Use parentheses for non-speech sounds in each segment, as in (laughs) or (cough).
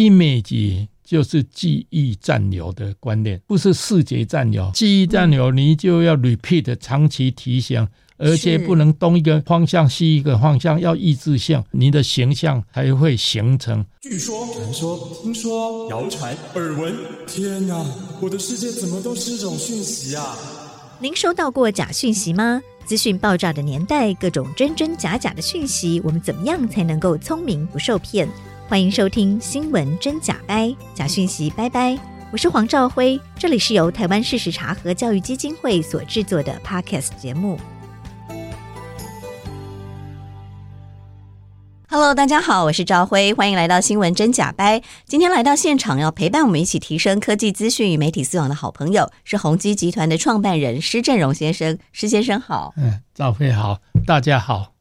Image 就是記憶占有的觀念，不是視覺占有。記憶占有，你就要 repeat 長期提醒，而且不能東一個方向，西一個方向，要一致性，你的形象才會形成。據說、傳說、聽說、謠傳、耳聞。天哪，我的世界怎麼都是這種訊息啊！您收到過假訊息嗎？資訊爆炸的年代，各種真真假假的訊息，我們怎麼樣才能夠聰明不受騙？歡迎收聽《新聞真假掰》，假訊息拜拜。我是黃兆徽，這裡是由台灣事實查核教育基金會所制作的 Podcast 節目。Hello，大家好，我是兆徽，歡迎來到《新聞真假掰》。今天來到現場要陪伴我們一起提升科技資訊與媒體素養的好朋友是宏碁集團的創辦人施振榮先生。施先生好，嗯，兆徽好，大家好。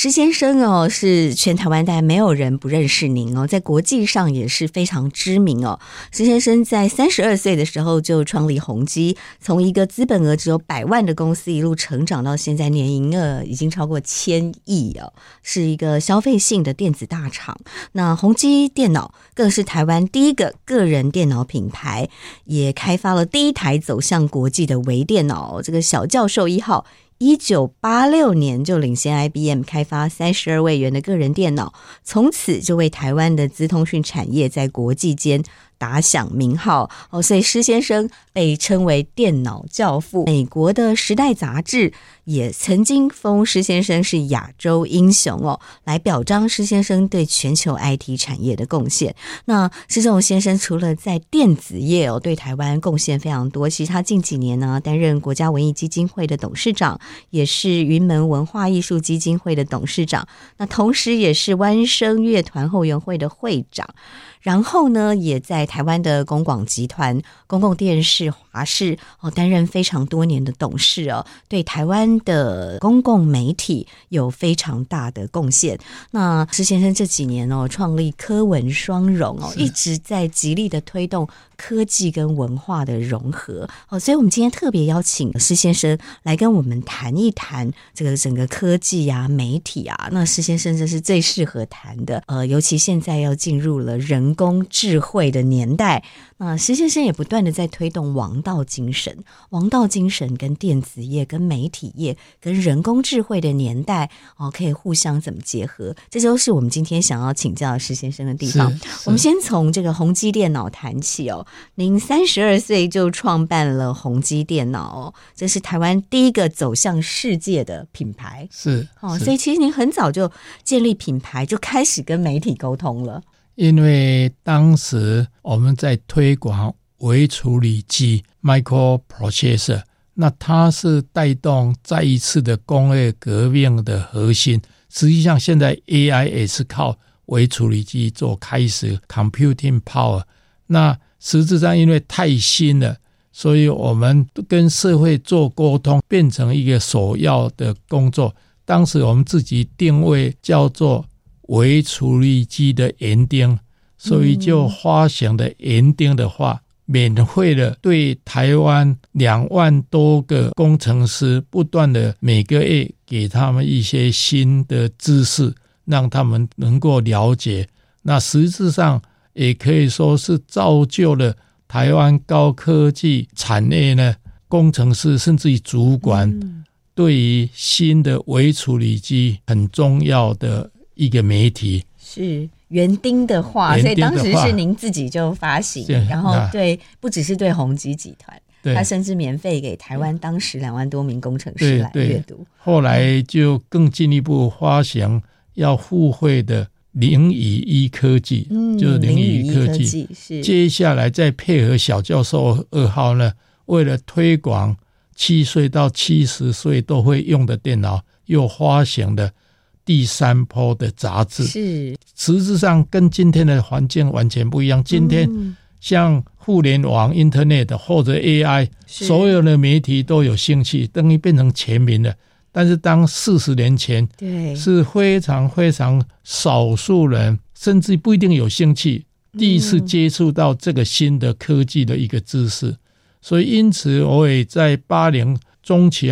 施先生哦，是全台灣大概沒有人不認識您哦，在國際上也是非常知名哦。施先生在三十二歲的時候就創立宏碁，從一個資本額只有百萬的公司，一路成長到現在年營業額已經超過千億哦，是一個消費性的電子大廠。那宏碁電腦更是台灣第一個個人電腦品牌，也開發了第一台走向國際的微電腦哦，這個小教授一號。一九八六年就領先 IBM 開發三十二位元的個人電腦，從此就為台灣的資通訊產業在國際間打響名號哦，所以施先生被稱為“電腦教父”。美國的《時代》雜誌也曾經封施先生是亞洲英雄哦，來表彰施先生對全球 IT 產業的貢獻。那施振榮先生除了在電子業哦，對台灣貢獻非常多，其實他近幾年呢，擔任國家文藝基金會的董事長，也是雲門文化藝術基金會的董事長，那同時也是灣聲樂團後援會的會長，然後呢，也在。台灣的公廣集團、公共電視、華視哦，擔任非常多年的董事哦，對台灣的公共媒體有非常大的貢獻。那施先生這幾年哦，創立科文雙融哦，是一直在極力的推動科技跟文化的融合哦，所以我們今天特別邀請施先生來跟我們談一談這個整個科技啊、媒體啊。那施先生這是最適合談的，呃，尤其現在要進入了人工智慧的年。年代，那施先生也不斷的在推動王道精神，王道精神跟電子業、跟媒體業、跟人工智慧的年代哦，可以互相怎麼結合？這就是我們今天想要請教施先生的地方。我們先從這個宏碁電腦談起哦。您三十二歲就創辦了宏碁電腦，這是台灣第一個走向世界的品牌，是哦。所以其實您很早就建立品牌，就開始跟媒體溝通了。因為當時我們在推廣微處理機 （microprocessor），那它是帶動再一次的工業革命的核心。實際上，現在 AI 也是靠微處理機做開始 （computing power）。那實質上，因為太新了，所以我們跟社會做溝通，變成一個首要的工作。當時我們自己定位叫做，微處理器的園丁，所以就發行的園丁的話，嗯、免費的對台灣兩萬多個工程師不斷的每個月給他們一些新的知識，讓他們能夠了解。那實質上也可以說是造就了台灣高科技產業呢。工程師甚至於主管，嗯、對於新的微處理器很重要的。一個媒體是園丁的話，的話，所以當時是您自己就發行，是然後對、啊、不只是對宏碁集，集團，對他甚至免費給台灣當時兩萬多名工程師來閱讀。對對，後來就更進一步發行要互惠的零與一科技，嗯，就是零與一科技。科技是接下來再配合小教授二號呢，為了推廣七歲到七十歲都會用的電腦，又發行的。第三波的雜誌是實質上跟今天的環境完全不一樣。今天像互聯網、internet 或者 AI，是所有的媒體都有興趣，等於變成全民了。但是當四十年前，對是非常非常少數人，甚至不一定有興趣，第一次接觸到這個新的科技的一個知識，所以因此，我也在八零中期。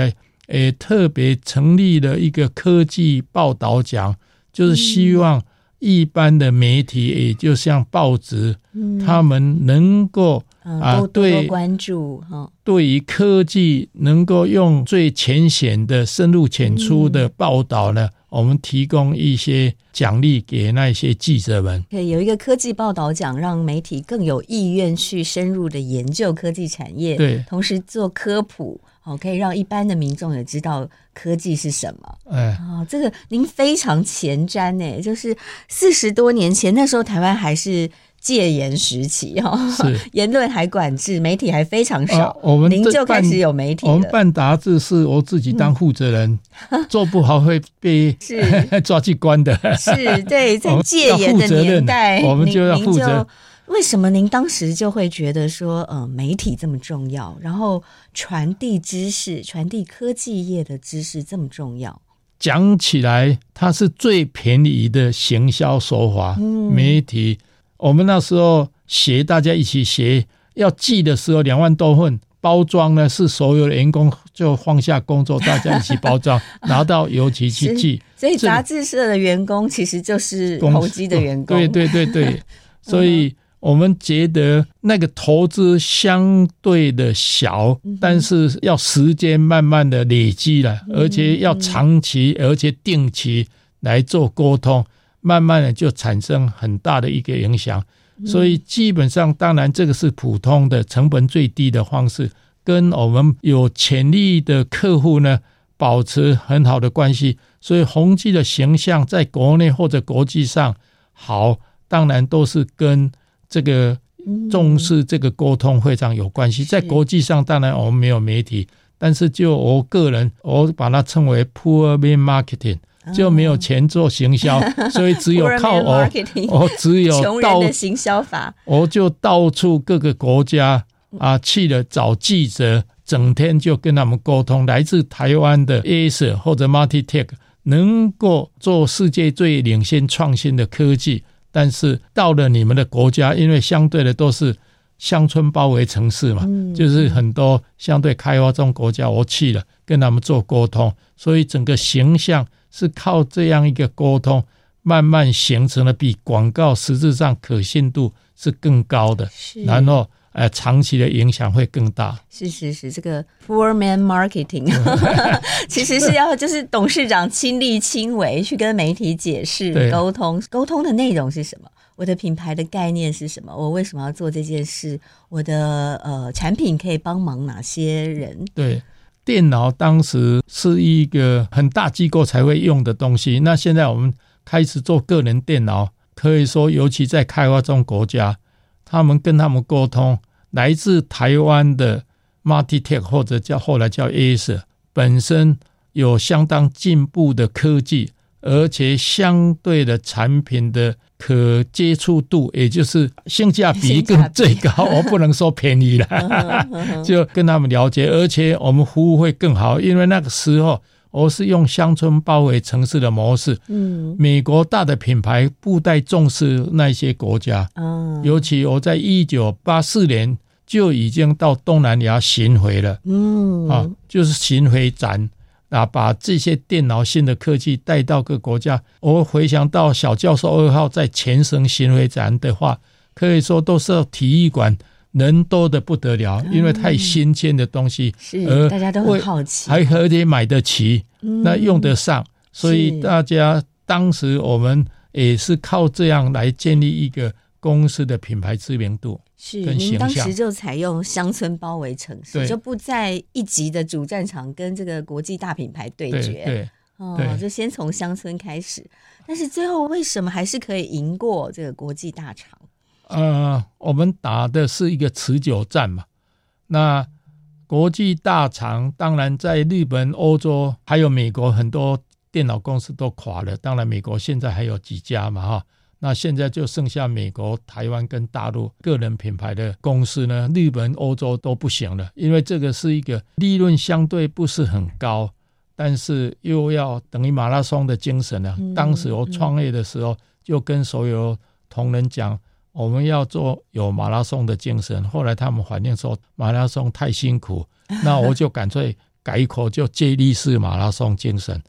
也、欸、特別成立了一個科技報道獎，就是希望一般的媒體，也、欸、就像報紙，嗯、他們能夠、嗯、啊，對、多多關注、哦、對於科技能夠用最淺顯的、深入淺出的報道呢。嗯嗯我們提供一些獎勵給那些記者們，對，okay, 有一個科技報道獎，讓媒體更有意願去深入的研究科技產業，對，同時做科普，可以讓一般的民眾也知道科技是什麼。哎，啊，這個您非常前瞻，欸，就是四十多年前，那時候台灣還是。戒嚴時期，哈是，言論還管制，媒體還非常少。呃、我們您就開始有媒體，我們辦雜誌是我自己當負責人，嗯、做不好會被 (laughs) 是抓去關的。是對在戒嚴的年代，我們,我們就要負責您您。為什麼您當時就會覺得說，呃，媒體這麼重要，然後傳遞知識、傳遞科技業的知識這麼重要？講起來，它是最便宜的行銷手法。嗯、媒體。我們那時候寫，大家一起寫，要寄的時候兩萬多份，包裝呢，是所有的員工就放下工作， (laughs) 大家一起包裝 (laughs) 拿到郵局去寄。所以雜誌社的員工其實就是投機的員工。哦，對對對對，所以我們覺得那個投資相對的小， (laughs) 嗯、但是要時間慢慢的累積了，嗯、而且要長期而且定期來做溝通。慢慢的就產生很大的一個影響，所以基本上當然這個是普通的成本最低的方式，跟我們有潛力的客戶呢保持很好的關係，所以宏碁的形象在國內或者國際上好，當然都是跟這個重視這個溝通非常有關係。在國際上當然我們沒有媒體，但是就我個人，我把它稱為 poor man marketing。就沒有錢做行銷， (laughs) 所以只有靠我， (laughs) 人我只有到 (laughs) 窮人的行銷法，我就到處各個國家啊去了找記者，整天就跟他們溝通。來自台灣的 Acer 或者 Multitech 能夠做世界最領先創新的科技，但是到了你們的國家，因為相對的都是鄉村包圍城市嘛，嗯、就是很多相對開發中國家，我去了跟他們做溝通，所以整個形象。是靠這樣一個溝通，慢慢形成了比廣告實質上可信度是更高的，是然後呃長期的影響會更大。是是是，這個 poor man marketing 是 (laughs) (laughs) 其實是要就是董事長親力親為 (laughs) 去跟媒體解釋溝通，對溝通的內容是什麼？我的品牌的概念是什麼？我為什麼要做這件事？我的呃產品可以幫忙哪些人？對。電腦當時是一個很大機構才會用的東西，那現在我們開始做個人電腦，可以說尤其在開發中國家，他們跟他們溝通，來自台灣的 Multitech 或者叫後來叫 Acer，本身有相當進步的科技，而且相對的產品的。可接觸度，也就是性價比更最高。我不能說便宜了， (laughs) (laughs) 就跟他們了解，而且我們服務會更好，因為那個時候我是用鄉村包圍城市的模式。嗯，美國大的品牌不太重視那些國家，嗯，尤其我在一九八四年就已經到東南亞巡回了。嗯，啊，就是巡回展。啊！把這些電腦性的科技帶到各國家，我回想到小教授二號在全省巡迴展的話，可以說都是體育館，人多的不得了，因為太新鮮的東西，是大家都會好奇，還可以買得起，嗯、那用得上，所以大家是當時我們也是靠這樣來建立一個。公司的品牌知名度是，您當時就採用鄉村包圍城市，對就不在一級的主戰場跟這個國際大品牌對決。對，對，哦，就先從鄉村開始，但是最後為什麼還是可以贏過這個國際大廠？呃，我們打的是一個持久戰嘛。那國際大廠當然在日本、歐洲還有美國，很多電腦公司都垮了，當然美國現在還有幾家嘛，哈。那現在就剩下美國、台灣跟大陸個人品牌的公司呢，日本、歐洲都不行了，因為這個是一個利潤相對不是很高，但是又要等於馬拉松的精神呢。嗯、當時我創業的時候，嗯、就跟所有同仁講，我們要做有馬拉松的精神。後來他們反映說馬拉松太辛苦，那我就乾脆。 (laughs) 改一口叫接力式馬拉松精神，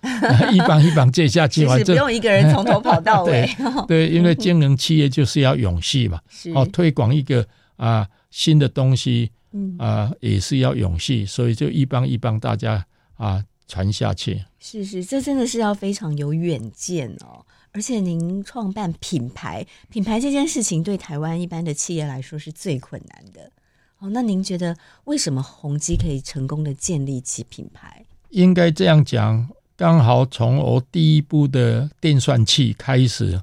一幫一幫接下去完就，其實 (laughs) 不用一個人從頭跑到尾 (laughs) 對。對，因為經營企業就是要勇氣嘛。是哦，推廣一個啊、呃、新的東西，啊、呃、也是要勇氣，所以就一幫一幫大家啊、呃、傳下去。是是，這真的是要非常有遠見哦。而且您創辦品牌，品牌這件事情對台灣一般的企業來說是最困難的。哦，那您覺得為什麼宏碁可以成功的建立起品牌？應該這樣講，剛好從我第一部的電算器開始，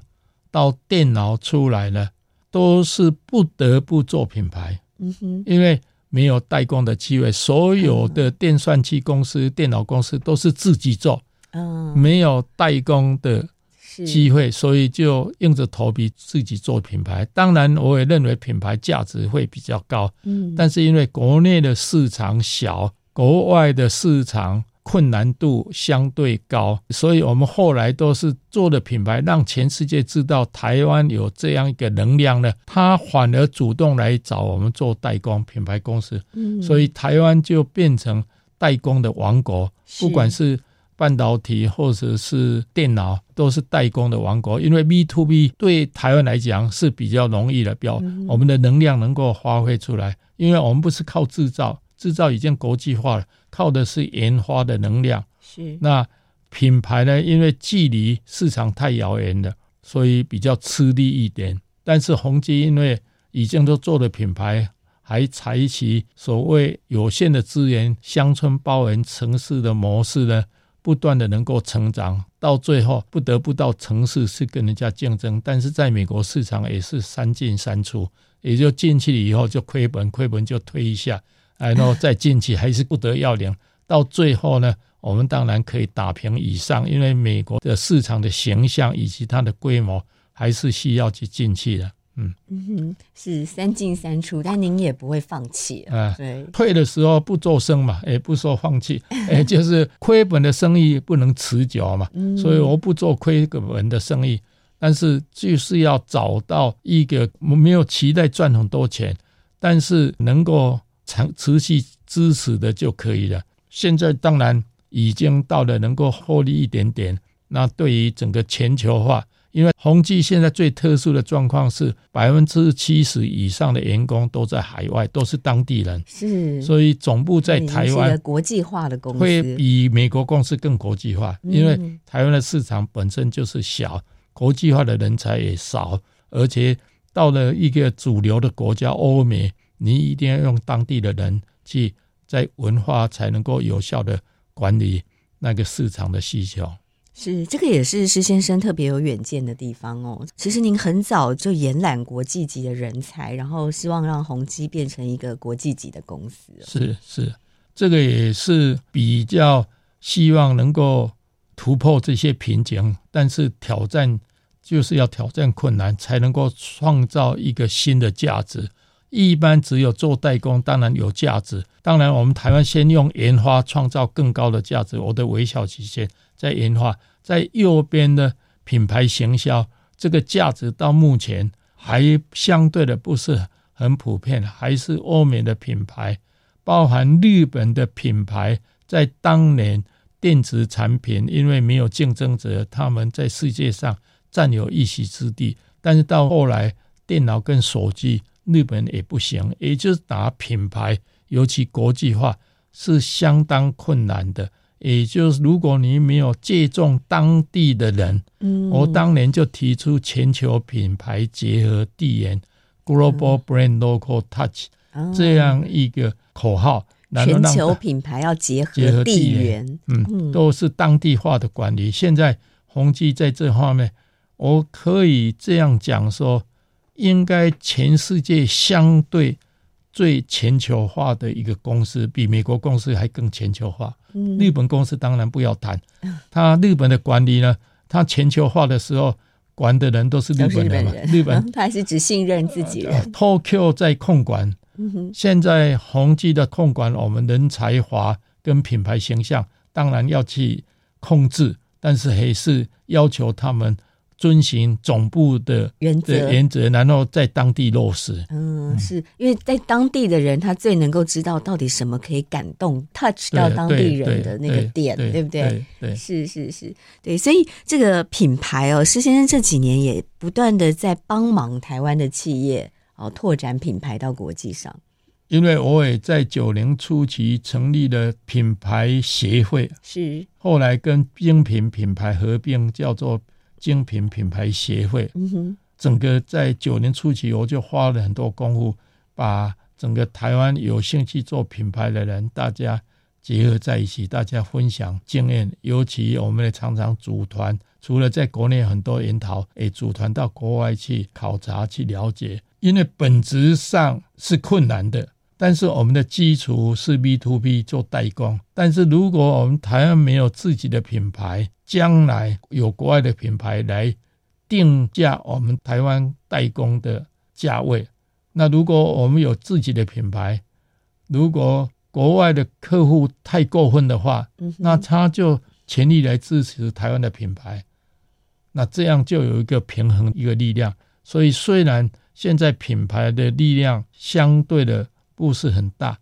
到電腦出來了，都是不得不做品牌。嗯哼，因為沒有代工的機會，所有的電算器公司、嗯、電腦公司都是自己做，嗯，沒有代工的。機會，所以就硬着頭皮自己做品牌。當然，我也認為品牌價值會比較高。嗯，但是因為國內的市場小，國外的市場困難度相對高，所以我們後來都是做的品牌，讓全世界知道台灣有這樣一個能量呢，他反而主動來找我們做代工品牌公司。嗯，所以台灣就變成代工的王國，是不管是。半導體或者是電腦都是代工的王國，因為 B to B 對台灣來講是比較容易的，表，我們的能量能夠發揮出來，嗯、因為我們不是靠製造，製造已經國際化了，靠的是研發的能量。是那品牌呢？因為距離市場太遙遠了，所以比較吃力一點。但是宏碁因為已經都做了品牌，還採取所謂有限的資源、鄉村包圍城市的模式呢。不斷的能夠成長，到最後不得不到城市去跟人家競爭。但是在美國市場也是三進三出，也就進去了以後就虧本，虧本就退一下，哎，然後再進去還是不得要領。到最後呢，我們當然可以打平以上，因為美國的市場的形象以及它的規模還是需要去進去的。嗯，是三進三出，但您也不會放棄啊。對，退的時候不做聲嘛，也不說放棄、 (laughs) 欸，就是虧本的生意不能持久嘛，所以我不做虧本的生意。嗯、但是就是要找到一個沒有期待賺很多錢，但是能夠長持續支持的就可以了。現在當然已經到了能夠獲利一點點，那對於整個全球化。因為宏碁現在最特殊的狀況是百分之七十以上的員工都在海外，都是當地人，是，所以總部在台灣會，嗯、會比美國公司更國際化。因為台灣的市場本身就是小，國際化的人才也少，而且到了一個主流的國家歐美，你一定要用當地的人去在文化才能夠有效地管理那個市場的需求。是，這個也是施先生特別有遠見的地方哦。其實您很早就延攬國際級的人才，然後希望讓宏碁變成一個國際級的公司哦。是是，這個也是比較希望能夠突破這些瓶頸。但是挑戰就是要挑戰困難，才能夠創造一個新的價值。一般只有做代工，當然有價值。當然，我們台灣先用研發創造更高的價值，我的微笑曲線，在研發，在右邊的品牌行銷這個價值到目前還相對的不是很普遍，還是歐美的品牌，包含日本的品牌，在當年電子產品，因為沒有競爭者，他們在世界上占有一席之地。但是到後來，電腦跟手機，日本也不行，也就是打品牌，尤其國際化是相當困難的。也就是，如果你沒有借重當地的人，嗯、我當年就提出全球品牌結合地緣、嗯、（Global Brand Local Touch）、嗯、這樣一個口號。嗯、全球品牌要結合地緣，地緣嗯，都是當地化的管理。嗯、現在宏碁在這方面，我可以這樣講說，應該全世界相對。最全球化的一個公司，比美國公司還更全球化。嗯、日本公司當然不要談，他日本的管理呢，他全球化的時候管的人都是日本人是日本，人日本、啊、他還是只信任自己人。Tokyo、啊、在控管，現在宏碁的控管，我們人才華跟品牌形象當然要去控制，但是還是要求他們。遵循總部的責原則原則，然後在當地落實。嗯，是因為在當地的人，他最能夠知道到底什麼可以感動、嗯、touch 到當地人的那個點，對不對？對，對對對對對是是是，對。所以這個品牌哦、喔，施先生這幾年也不斷的在幫忙台灣的企業哦、喔，拓展品牌到國際上。因為我也在九零初期成立了品牌協會，是後來跟精品品牌合併，叫做。精品品牌協會，整個在九年初期，我就花了很多功夫，把整個台灣有興趣做品牌的人，大家結合在一起，大家分享經驗。尤其我們也常常組團，除了在國內很多研討，也組團到國外去考察、去了解，因為本質上是困難的。但是我們的基礎是 B to B 做代工，但是如果我們台灣沒有自己的品牌，將來有國外的品牌來定價我們台灣代工的價位，那如果我們有自己的品牌，如果國外的客戶太過分的話，那他就全力來支持台灣的品牌，那這樣就有一個平衡一個力量。所以雖然現在品牌的力量相對的。不是很大，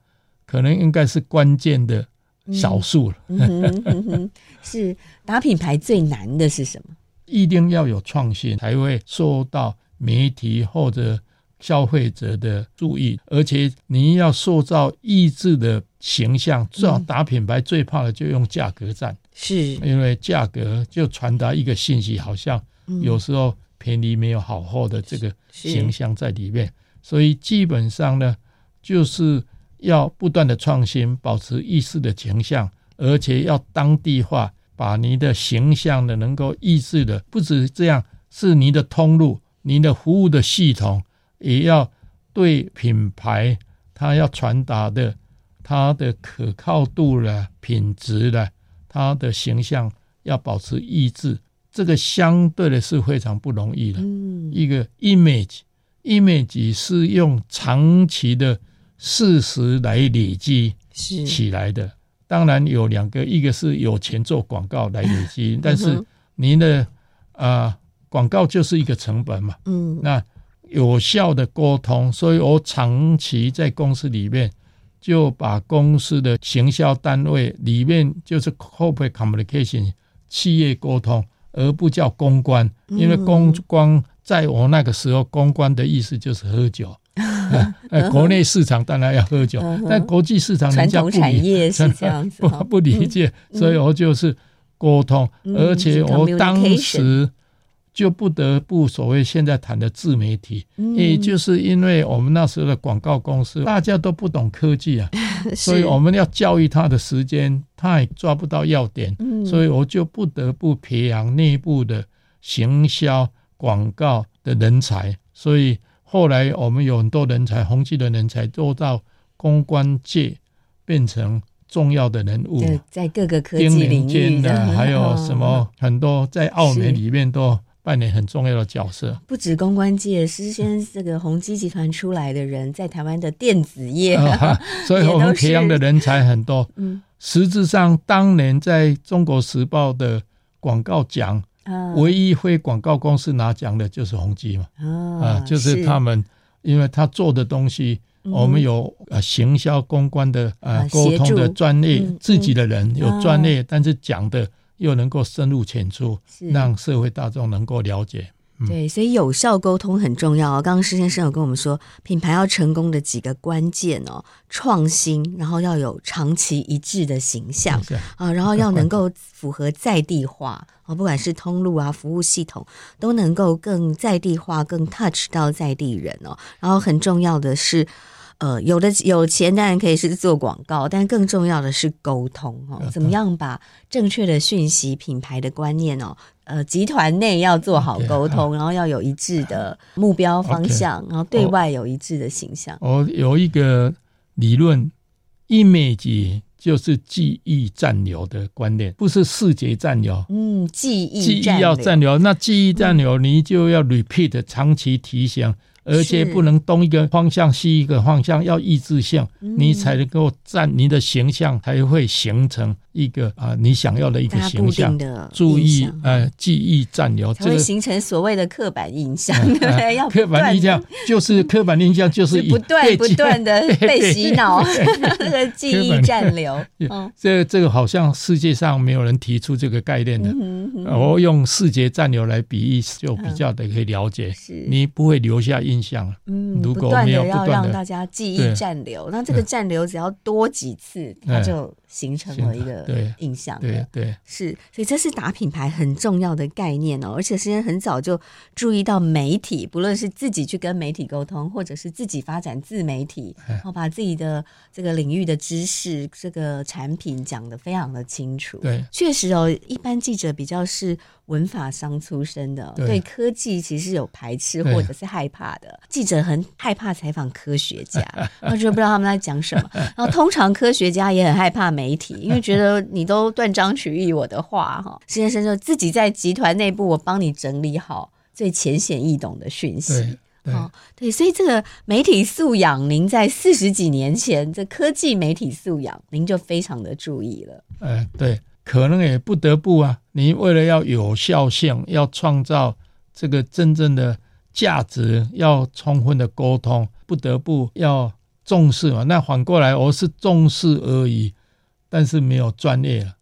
可能應該是關鍵的少數了。嗯嗯嗯、是打品牌最難的是什麼？一定要有創新才會受到媒體或者消費者的注意，而且你要塑造一致的形象。最好打品牌最怕的就用價格戰，嗯、是因為價格就傳達一個信息，好像有時候便宜沒有好貨的這個形象在裡面。所以基本上呢。就是要不斷的創新，保持一致的形象，而且要當地化，把你的形象的能夠一致的，不止這樣，是你的通路，你的服務的系統也要對品牌，它要傳達的，它的可靠度啦，品質啦，它的形象要保持一致，這個相對的是非常不容易的。嗯，一個 image，image image 是用長期的。事實來累積起來的，當然有兩個，一個是有錢做廣告來累積，但是您的啊、呃、廣告就是一個成本嘛。嗯，那有效的溝通，所以我長期在公司裡面就把公司的行銷單位裡面就是 corporate communication 企業溝通，而不叫公關，因為公關在我那個時候，公關的意思就是喝酒。 (laughs) 國內市場當然要喝酒， (laughs) 但國際市場人家不理解，不 (laughs) 不理解，嗯、所以我就是溝通，嗯、而且我當時就不得不所謂現在談的自媒體，也、嗯、就是因為我們那時候的廣告公司大家都不懂科技啊，是所以我們要教育他的時間他也抓不到要點，嗯、所以我就不得不培養內部的行銷廣告的人才，所以。後來我們有很多人才，宏碁的人才做到公關界，變成重要的人物，在各個科技領域的間，還有什麼很多在奧美裡面都扮演很重要的角色。嗯、不止公關界，是先這個宏碁集團出來的人，嗯、在台灣的電子業，啊、所以我們培養的人才很多。嗯、實質上，當年在中國時報的廣告獎。唯一非廣告公司拿獎的就是宏碁嘛，啊，啊，就是他們，因為他做的東西，是我們有呃行銷公關的、嗯、啊溝通的專業，助自己的人有專業，嗯嗯、但是講的又能夠深入淺出，是讓社會大眾能夠了解。對，所以有效溝通很重要哦。剛剛施先生有跟我們說，品牌要成功的幾個關鍵哦，創新，然後要有長期一致的形象啊，然後要能夠符合在地化，不管是通路啊、服務系統，都能夠更在地化、更 touch 到在地人哦。然後很重要的是。呃，有的有錢當然可以是做廣告，但更重要的是溝通哦。怎麼樣把正確的訊息、品牌的觀念哦，呃，集團內要做好溝通，okay, 啊、然後要有一致的目標方向，okay, 然後對外有一致的形象。哦、我有一個理論，image 就是記憶占領的觀念，不是視覺占領。嗯，記憶佔領，記憶要佔領，那記憶占領、嗯、你就要 repeat 長期提醒。而且不能東一個方向西一個方向，要一致性，你才能夠占你的形象，才會形成一個啊你想要的一個形象。注意，呃記憶暫留，會形成所謂的刻板印象，對不對？要刻板印象就是刻板印象就是不斷不斷的被洗腦，這個記憶暫留。嗯，這這個好像世界上沒有人提出這個概念的，我用視覺暫留來比喻，就比較的可以了解，你不會留下一印象了，嗯，不斷的要讓大家記憶佔留，對那這個佔留只要多幾次，他對就。形成了一個印象，對對，是，所以這是打品牌很重要的概念哦。而且現在很早就注意到媒體，不論是自己去跟媒體溝通，或者是自己發展自媒體，然後把自己的這個領域的知識、這個產品講得非常的清楚。對，確實哦，一般記者比較是文法商出身的，對科技其實有排斥或者是害怕的。記者很害怕採訪科學家，完全就不知道他們在講什麼。然後通常科學家也很害怕媒媒體，因為覺得你都斷章取義我的話哈，施、哎哦、先生就自己在集團內部，我幫你整理好最淺顯易懂的訊息。對，對，哦、對，所以這個媒體素養，您在四十幾年前，這科技媒體素養，您就非常的注意了。哎，對，可能也不得不啊，您為了要有效性，要創造這個真正的價值，要充分的溝通，不得不要重視嘛。那反過來，我是重視而已。但是沒有專業了、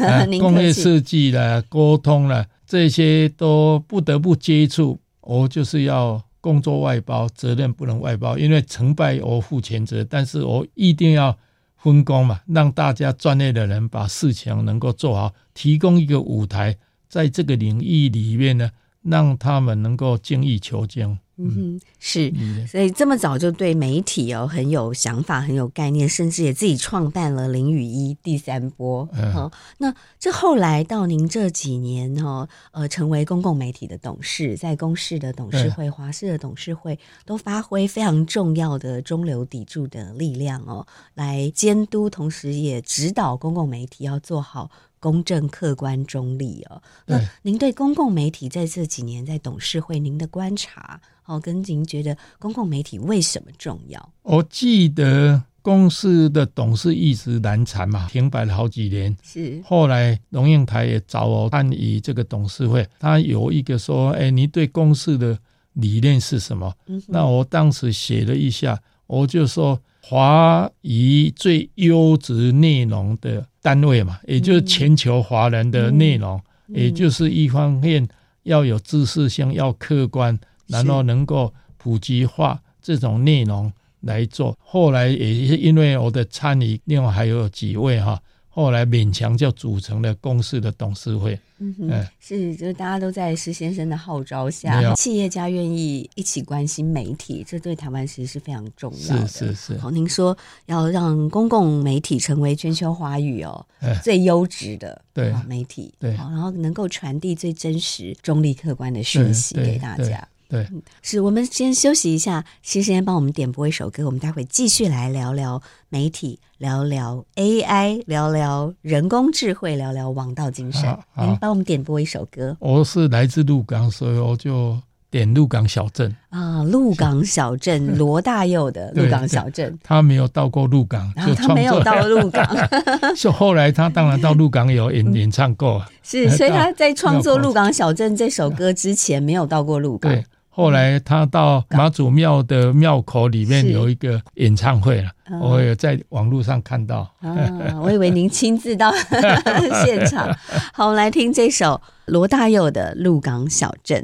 啊，啊、 (laughs) 惜工業設計了、溝通了這些都不得不接觸。我就是要工作外包，責任不能外包，因為成敗我負全責。但是我一定要分工嘛，讓大家專業的人把事情能夠做好，提供一個舞台，在這個領域裡面呢，讓他們能夠精益求精。嗯哼，是，所以這麼早就對媒體哦很有想法，很有概念，甚至也自己創辦了《零與一》第三波，嗯、那這後來到您這幾年哦呃，成為公共媒體的董事，在公視的董事會、華視的董事會，都發揮非常重要的中流砥柱的力量哦，來監督，同時也指導公共媒體要做好。公正、客觀、中立哦、喔。那對、啊、您對公共媒體在這幾年在董事會您的觀察，哦、喔，跟您覺得公共媒體為什麼重要？我記得公司的董事一直難產嘛，對停擺了好幾年。是後來龍應台也找我參與這個董事會，他有一個說：“欸、你對公司的理念是什麼？”嗯、哼那我當時寫了一下，我就說：“華語最優質內容的。”單位嘛，也就是全球華人的內容，嗯、也就是一方面要有知識性，嗯、要客觀，然後能夠普及化這種內容來做。是後來也是因為我的參與，另外還有幾位哈，後來勉強就組成了公司的董事會。嗯哼，是，就是大家都在施先生的號召下，有企業家願意一起關心媒體，這對台灣其實是非常重要的。是是是。是是，好，您說要讓公共媒體成為全球華語哦、欸、最優質的對媒體，對，然後能夠傳遞最真實、中立、客觀的訊息給大家。對，是我們先休息一下，先先幫我們點播一首歌，我們待會繼續來聊聊媒體，聊聊 AI，聊聊人工智慧，聊聊王道精神。您幫我們點播一首歌。我是來自鹿港，所以我就點鹿港小鎮啊。鹿港小鎮，羅是大佑的鹿港小鎮。他沒有到過鹿港，然後、啊、他沒有到鹿港，是 (laughs) 後來他當然到鹿港有演演、嗯、唱過。是，所以他在創作《鹿港小鎮》這首歌之前沒有到過鹿港。對。後來他到媽祖廟的廟口裡面有一個演唱會了，啊、我也在網絡上看到、啊。我以為您親自到 (laughs) (laughs) 現場。好，我們來聽這首羅大佑的《鹿港小鎮》。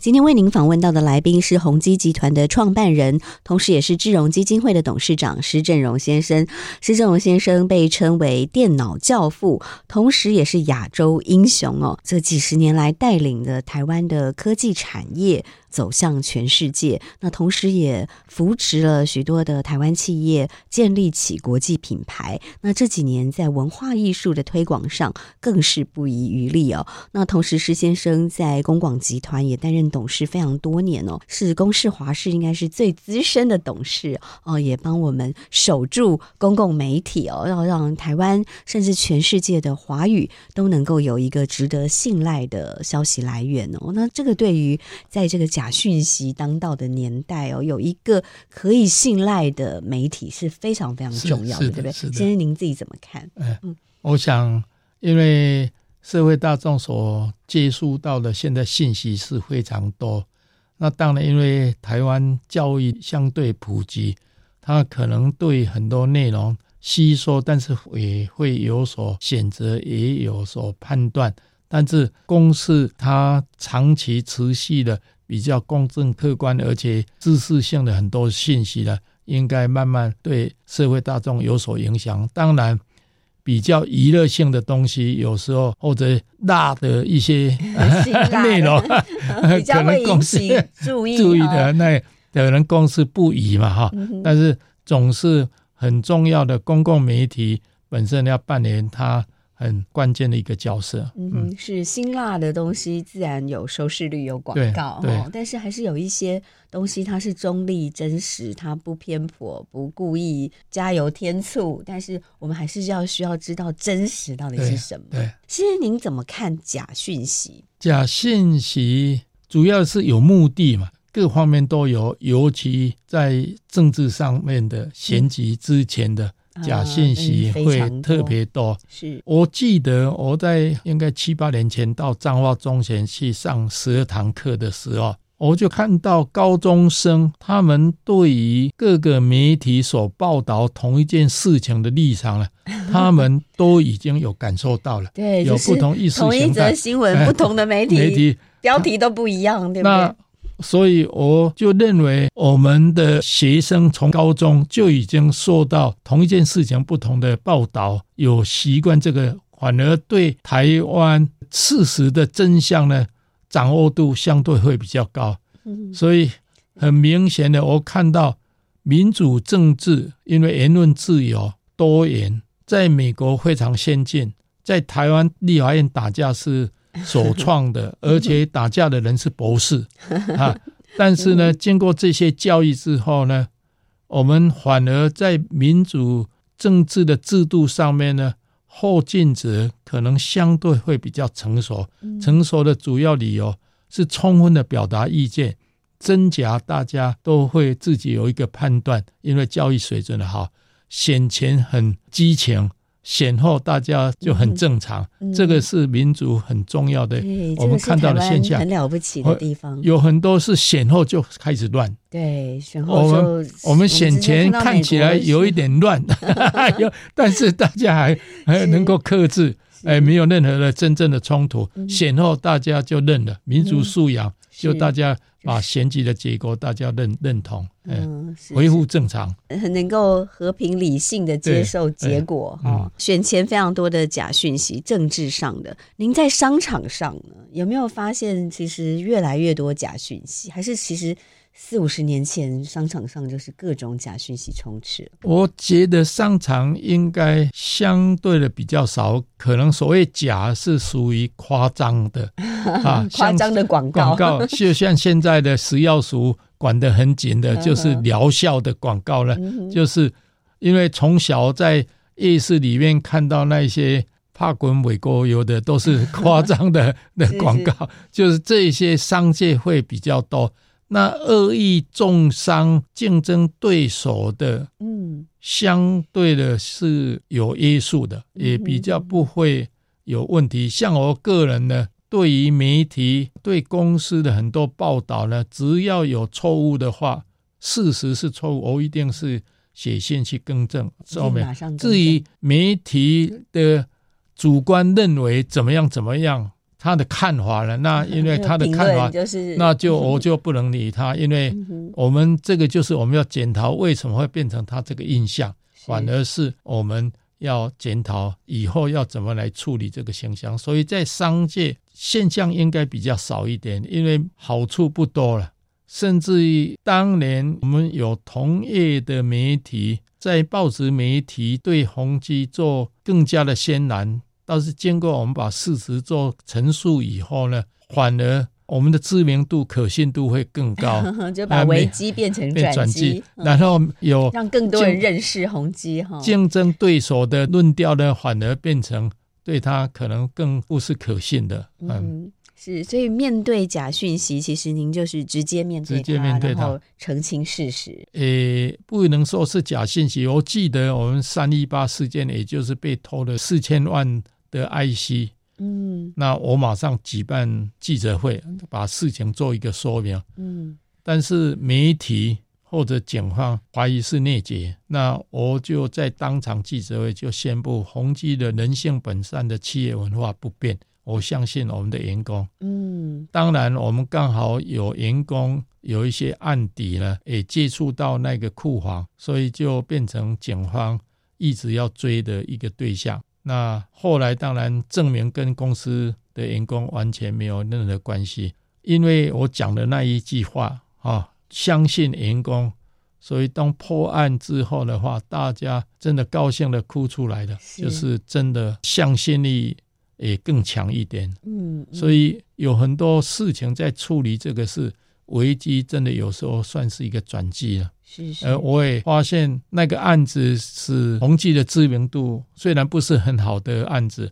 今天為您訪問到的來賓是宏碁集團的創辦人，同時也是智榮基金會的董事長施振榮先生。施振榮先生被稱為“電腦教父”，同時也是亞洲英雄哦。這幾十年來，帶領了台灣的科技產業。走向全世界，那同時也扶持了許多的台灣企業建立起國際品牌。那這幾年在文化藝術的推廣上更是不遺餘力哦。那同時施先生在公廣集團也擔任董事非常多年哦，是公視華視應該是最資深的董事哦，也幫我們守住公共媒體哦，要讓台灣甚至全世界的華語都能夠有一個值得信賴的消息來源哦。那這個對於在這個假訊息當道的年代哦，有一個可以信賴的媒體是非常非常重要的，對不對？先生，您自己怎麼看？嗯、哎，我想，因為社會大眾所接觸到的現在信息，是非常多，那當然，因為台灣教育相對普及，他可能對很多內容吸收，但是也會有所選擇，也有所判斷，但是公司視他長期持續的。比較公正、客觀，而且知識性的很多信息，了，應該慢慢對社會大眾有所影響。當然，比較娛樂性的東西，有時候或者辣的一些內 (laughs) 的 (laughs) 容，可能公司注意的那。那、哦、可能公視不宜嘛，哈。但是，總是很重要的公共媒體本身要扮演它很關鍵的一個角色，嗯，嗯哼，是辛辣的東西，自然有收視率，有廣告，哦，但是還是有一些東西，它是中立、真實，它不偏頗，不故意加油添醋，但是我們還是要需要知道真實到底是什麼？先生，您怎麼看假訊息？假訊息主要是有目的嘛，各方面都有，尤其在政治上面的選舉之前的、嗯。假信息會特別多。啊、多我記得我在應該七八年前到彰化中學去上十二堂課的時候，我就看到高中生他們對於各個媒體所報道同一件事情的立場呢，嗯、他們都已經有感受到了。對，有不同意識。同一則新聞，哎、不同的媒體，媒體標題都不一樣，啊、對不對？所以我就認為，我們的學生從高中就已經受到同一件事情不同的報道，有習慣這個，反而對台灣事實的真相呢，掌握度相對會比較高。所以很明顯的，我看到民主政治，因為言論自由、多元，在美國非常先進，在台灣立法院打架是所創的，而且打架的人是博士 (laughs) 啊，但是呢，經過這些教育之後呢，我們反而在民主政治的制度上面呢，後進者可能相對會比較成熟。嗯、成熟的主要理由是充分的表達意見，真假大家都會自己有一個判斷，因為教育水準的好，先前很激情。選後大家就很正常，嗯嗯、這個是民主很重要的。對我們看到的現象很了不起的地方，有很多是選後就開始亂。對，選後就我們選前看起來有一點亂，嗯嗯嗯嗯嗯、 (laughs) 但是大家還還能夠克制。 (laughs) 哎，沒有任何的真正的衝突，選後大家就認了，民主素養就大家把選舉的結果大家認認同，嗯、哎，維護正常，嗯、是是能夠和平理性的接受結果哈。嗯、選前非常多的假訊息，政治上的，您在商場上呢，有沒有發現其實越來越多假訊息，還是其實？四五十年前，商場上就是各種假訊息充斥。我覺得商場應該相對的比較少，可能所謂假是屬於誇張的， (laughs) 啊，誇張的廣告。廣告就像現在的食藥署管得很緊的， (laughs) 就是療效的廣告了。 (laughs) 就是因為從小在夜市裡面看到那些怕滾尾鍋有的，都是誇張的那廣告， (laughs) 是是就是這些商界會比較多。那惡意中傷競爭對手的，嗯，相對的是有約束的，嗯、也比較不會有問題。嗯、哼像我個人呢，對於媒體對公司的很多報道呢，只要有錯誤的話，事實是錯誤，我一定是寫信去更正，更正。至於媒體的主觀認為怎麼樣怎麼樣。他的看法了，那因為他的看法就是，那就我就不能理他，嗯、哼因為我們這個就是我們要檢討為什麼會變成他這個印象，嗯、哼反而是我們要檢討以後要怎麼來處理這個現象。所以在商界現象應該比較少一點，因為好處不多了，甚至於當年我們有同業的媒體在報紙媒體對宏碁做更加的渲染。倒是經過我們把事實做陳述以後呢，反而我們的知名度、可信度會更高， (laughs) 就把危機變成轉機、呃，然後有讓更多人認識宏碁哈。競爭對手的論調呢，反而變成對他可能更不是可信的。嗯，嗯是，所以面對假訊息，其實您就是直接面對直接面對它，然後澄清事實。誒、呃，不能說是假信息。我記得我們三一八事件，也就是被偷了四千萬。的愛惜，嗯，那我馬上舉辦記者會，把事情做一個說明，嗯，但是媒體或者警方懷疑是內劫，那我就在當場記者會就宣佈，宏碁的人性本善的企業文化不變，我相信我們的員工，嗯，當然我們剛好有員工有一些案底呢，也接觸到那個庫房，所以就變成警方一直要追的一個對象。那後來當然證明跟公司的員工完全沒有任何關係，因為我講的那一句話啊，相信員工，所以當破案之後的話，大家真的高興的哭出來的，是，就是真的向心力也更強一點。嗯，嗯，所以有很多事情在處理這個事，危機真的有時候算是一個轉機了。是是呃、我也發現那個案子是宏碁的知名度雖然不是很好的案子，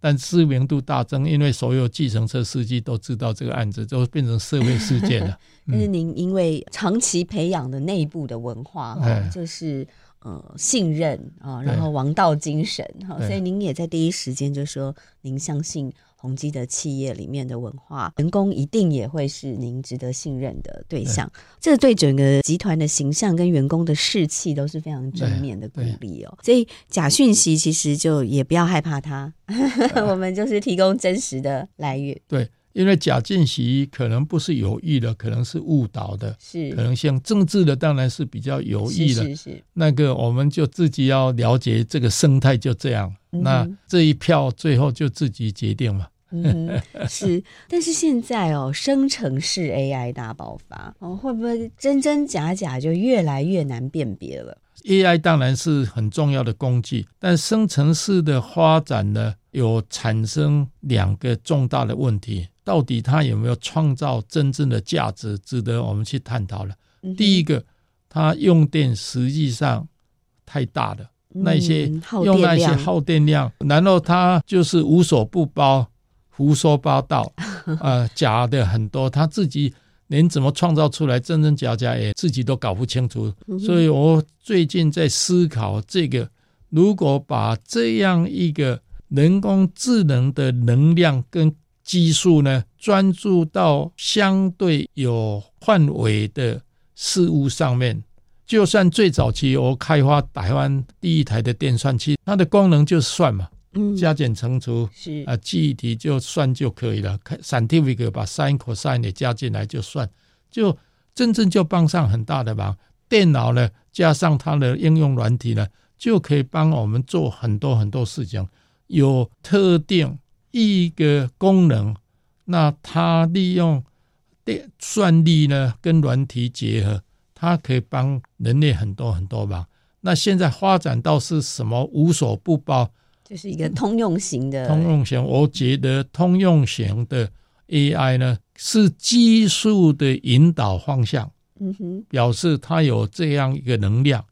但知名度大增，因為所有計程車司機都知道這個案子，就變成社會事件了。 (laughs) 但是您因為長期培養的內部的文化，嗯啊、就是呃信任啊，然後王道精神哈，啊啊、所以您也在第一時間就說您相信，宏碁的企業裡面的文化，員工一定也會是您值得信任的對象。對，這對整個集團的形象跟員工的士氣都是非常正面的鼓勵哦。啊啊、所以假訊息其實就也不要害怕它， (laughs) 我們就是提供真實的來源。呃、對，因為假訊息可能不是有意的，可能是誤導的，是可能像政治的當然是比較有意的。是，是是，那個我們就自己要了解這個生態，就這樣。那這一票最後就自己決定嘛嗯哼？嗯， (laughs) 是。但是現在哦，生成式 AI 大爆發哦，會不會真真假假就越來越難辨別了？AI 當然是很重要的工具，但生成式的發展呢，有產生兩個重大的問題：到底它有沒有創造真正的價值，值得我們去探討了。嗯、哼第一個，它用電實際上太大了。那些、嗯、用那些耗電量，然後他就是無所不包、胡說八道，啊、呃，假的很多，他自己連怎麼創造出來，真真假假也自己都搞不清楚。所以我最近在思考這個：如果把這樣一個人工智能的能量跟技術呢，專注到相對有範圍的事物上面。就算最早期我開發台灣第一台的電算器，它的功能就是算嘛，嗯，加減乘除是啊，記憶體就算就可以了。開 scientific 把 sine、cosine 也加進來就算，就真正就幫上很大的忙。電腦呢，加上它的應用軟體呢，就可以幫我們做很多很多事情。有特定一個功能，那它利用電算力呢，跟軟體結合。它可以幫人類很多很多忙。那現在發展到是什麼，無所不包，就是一個通用型的。通用型，我覺得通用型的 AI 呢，是技術的引導方向。嗯哼，表示它有這樣一個能量，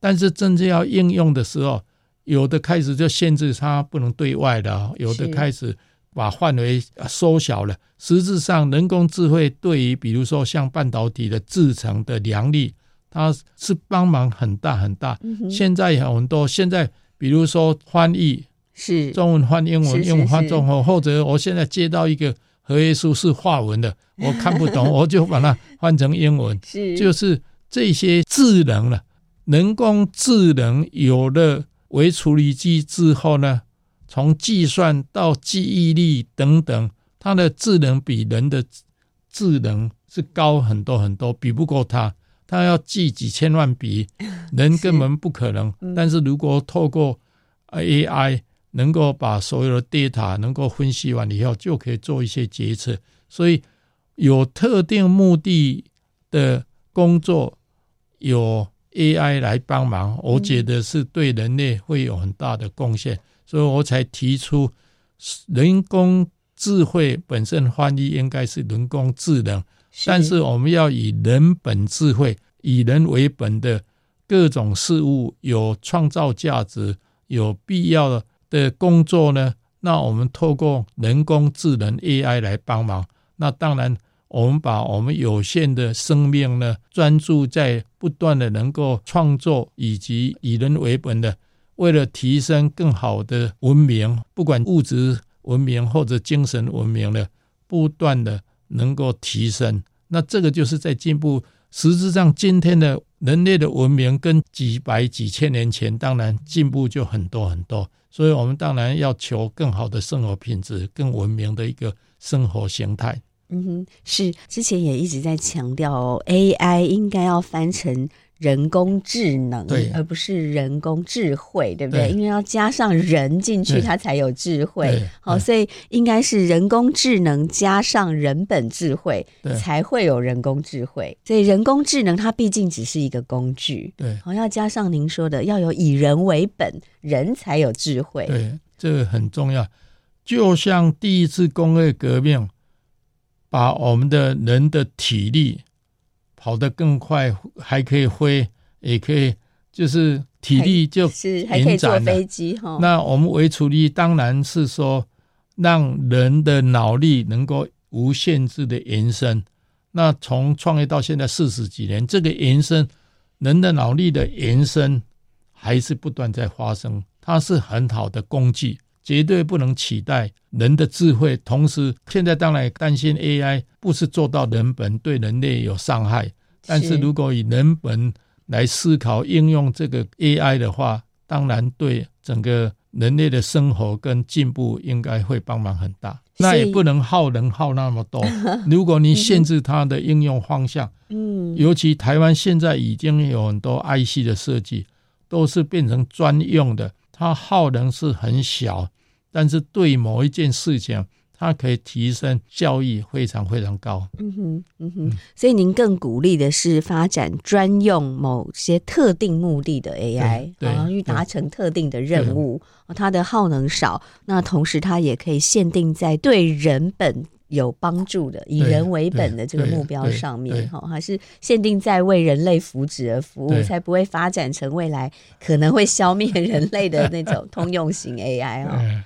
但是真正要應用的時候，有的開始就限制它不能對外的，有的開始。把範圍呃縮小了，實質上，人工智慧對於比如說像半導體的製程的良率，它是幫忙很大很大。嗯、哼現在也很多，現在比如說翻譯，是中文翻英文，是英文翻中文，是是是，或者我現在接到一個合約書是華文的，我看不懂， (laughs) 我就把它翻成英文。是就是這些智能了。啊，人工智能有了微處理機之後呢，從計算到記憶力等等，它的智能比人的智能是高很多很多，比不過它。它要記幾千萬筆，人根本不可能。是嗯、但是如果透過 AI 能夠把所有的 data 能夠分析完以後，就可以做一些決策。所以有特定目的的工作，有 AI 來幫忙，我覺得是對人類會有很大的貢獻。嗯所以我才提出，人工智慧本身翻譯應該是人工智能，是但是我們要以人本智慧、以人為本的各種事物有創造價值、有必要的工作呢？那我們透過人工智能 AI 來幫忙。那當然，我們把我們有限的生命呢，專注在不斷的能夠創作以及以人為本的。為了提升更好的文明，不管物質文明或者精神文明的不斷的能夠提升，那這個就是在進步。實質上，今天的人類的文明跟幾百幾千年前，當然進步就很多很多。所以我們當然要求更好的生活品質，更文明的一個生活形態。嗯哼，是之前也一直在強調哦，AI 應該要翻成人工智能，而不是人工智慧，對，對不對？因為要加上人進去，它對才有智慧。好對、哦，所以應該是人工智能加上人本智慧，對才會有人工智慧。所以人工智能它畢竟只是一個工具，對，還、哦、要加上您說的要有以人為本，人才有智慧。對，這個很重要。就像第一次工業革命，把我們的人的體力。跑得更快，還可以飛，也可以，就是體力就延展了，還是還可以坐飛機的。哦、那我們為處理當然是說，讓人的腦力能夠無限制的延伸。那從創業到現在四十幾年，這個延伸，人的腦力的延伸還是不斷在發生。它是很好的工具，絕對不能取代人的智慧。同時，現在當然也擔心 AI 不是做到人本，對人類有傷害。但是如果以人本來思考應用這個 AI 的話，當然對整個人類的生活跟進步應該會幫忙很大。那也不能耗能耗那麼多。如果你限制它的應用方向， (laughs) 嗯、哼尤其台灣現在已經有很多 IC 的設計，都是變成專用的，它耗能是很小，但是對某一件事情。它可以提升效益，非常非常高。嗯哼，嗯哼。所以您更鼓勵的是發展專用某些特定目的的 AI 對對啊，去達成特定的任務。它的耗能少，那同時它也可以限定在對人本有幫助的、以人為本的這個目標上面哈，還是限定在為人類福祉而服務，對才不會發展成未來可能會消滅人類的那種通用型 AI 啊。 (laughs)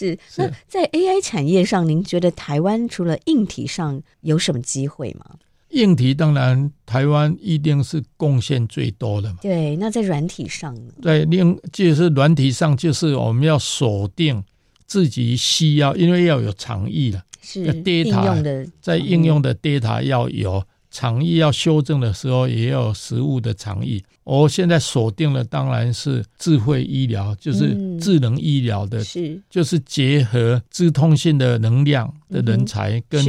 是，那在 AI 產業上，您覺得台灣除了硬體上有什麼機會嗎？硬體當然台灣一定是貢獻最多的嘛。對，那在軟體上呢？對，另就是軟體上就是我們要鎖定自己需要，因為要有場域了。是。Data, 應用的在應用的 data 要有。場域要修正的時候，也要有實物的場域。我現在鎖定了，當然是智慧醫療，就是智能醫療的，嗯、是就是結合資通訊的能量的人才跟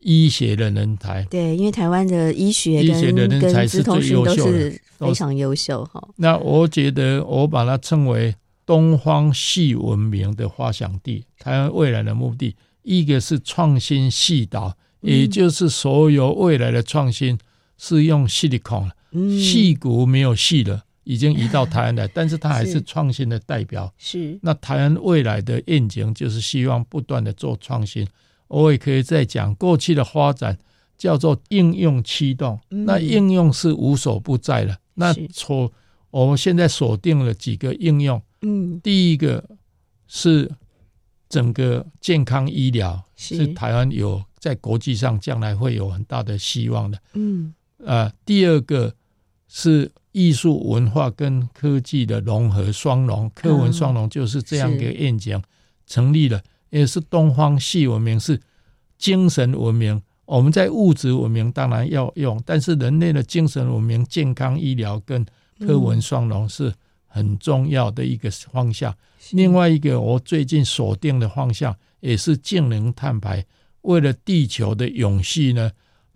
醫學的人才。嗯、對，因為台灣的醫學、醫學的人才跟資通訊都是非常優秀哈。那我覺得我把它稱為東方矽文明的發祥地。台灣未來的目的，一個是創新矽島。也就是所有未來的創新是用 silicon，矽谷沒有矽了，已經移到台灣來，嗯、但是它還是創新的代表。是。是那台灣未來的願景就是希望不斷的做創新。我也可以再講，過去的發展叫做應用驅動。嗯、那應用是無所不在了。那鎖，我們現在鎖定了幾個應用。嗯。第一個是。整個健康醫療是台灣有在國際上將來會有很大的希望的。嗯，啊、呃，第二個是藝術文化跟科技的融合雙融，科文雙融就是這樣一個願景成立了。嗯、是也是東方係文明是精神文明，我們在物質文明當然要用，但是人類的精神文明、健康醫療跟科文雙融是很重要的一個方向。嗯另外一個，我最近鎖定的方向也是淨零碳排。為了地球的永續呢，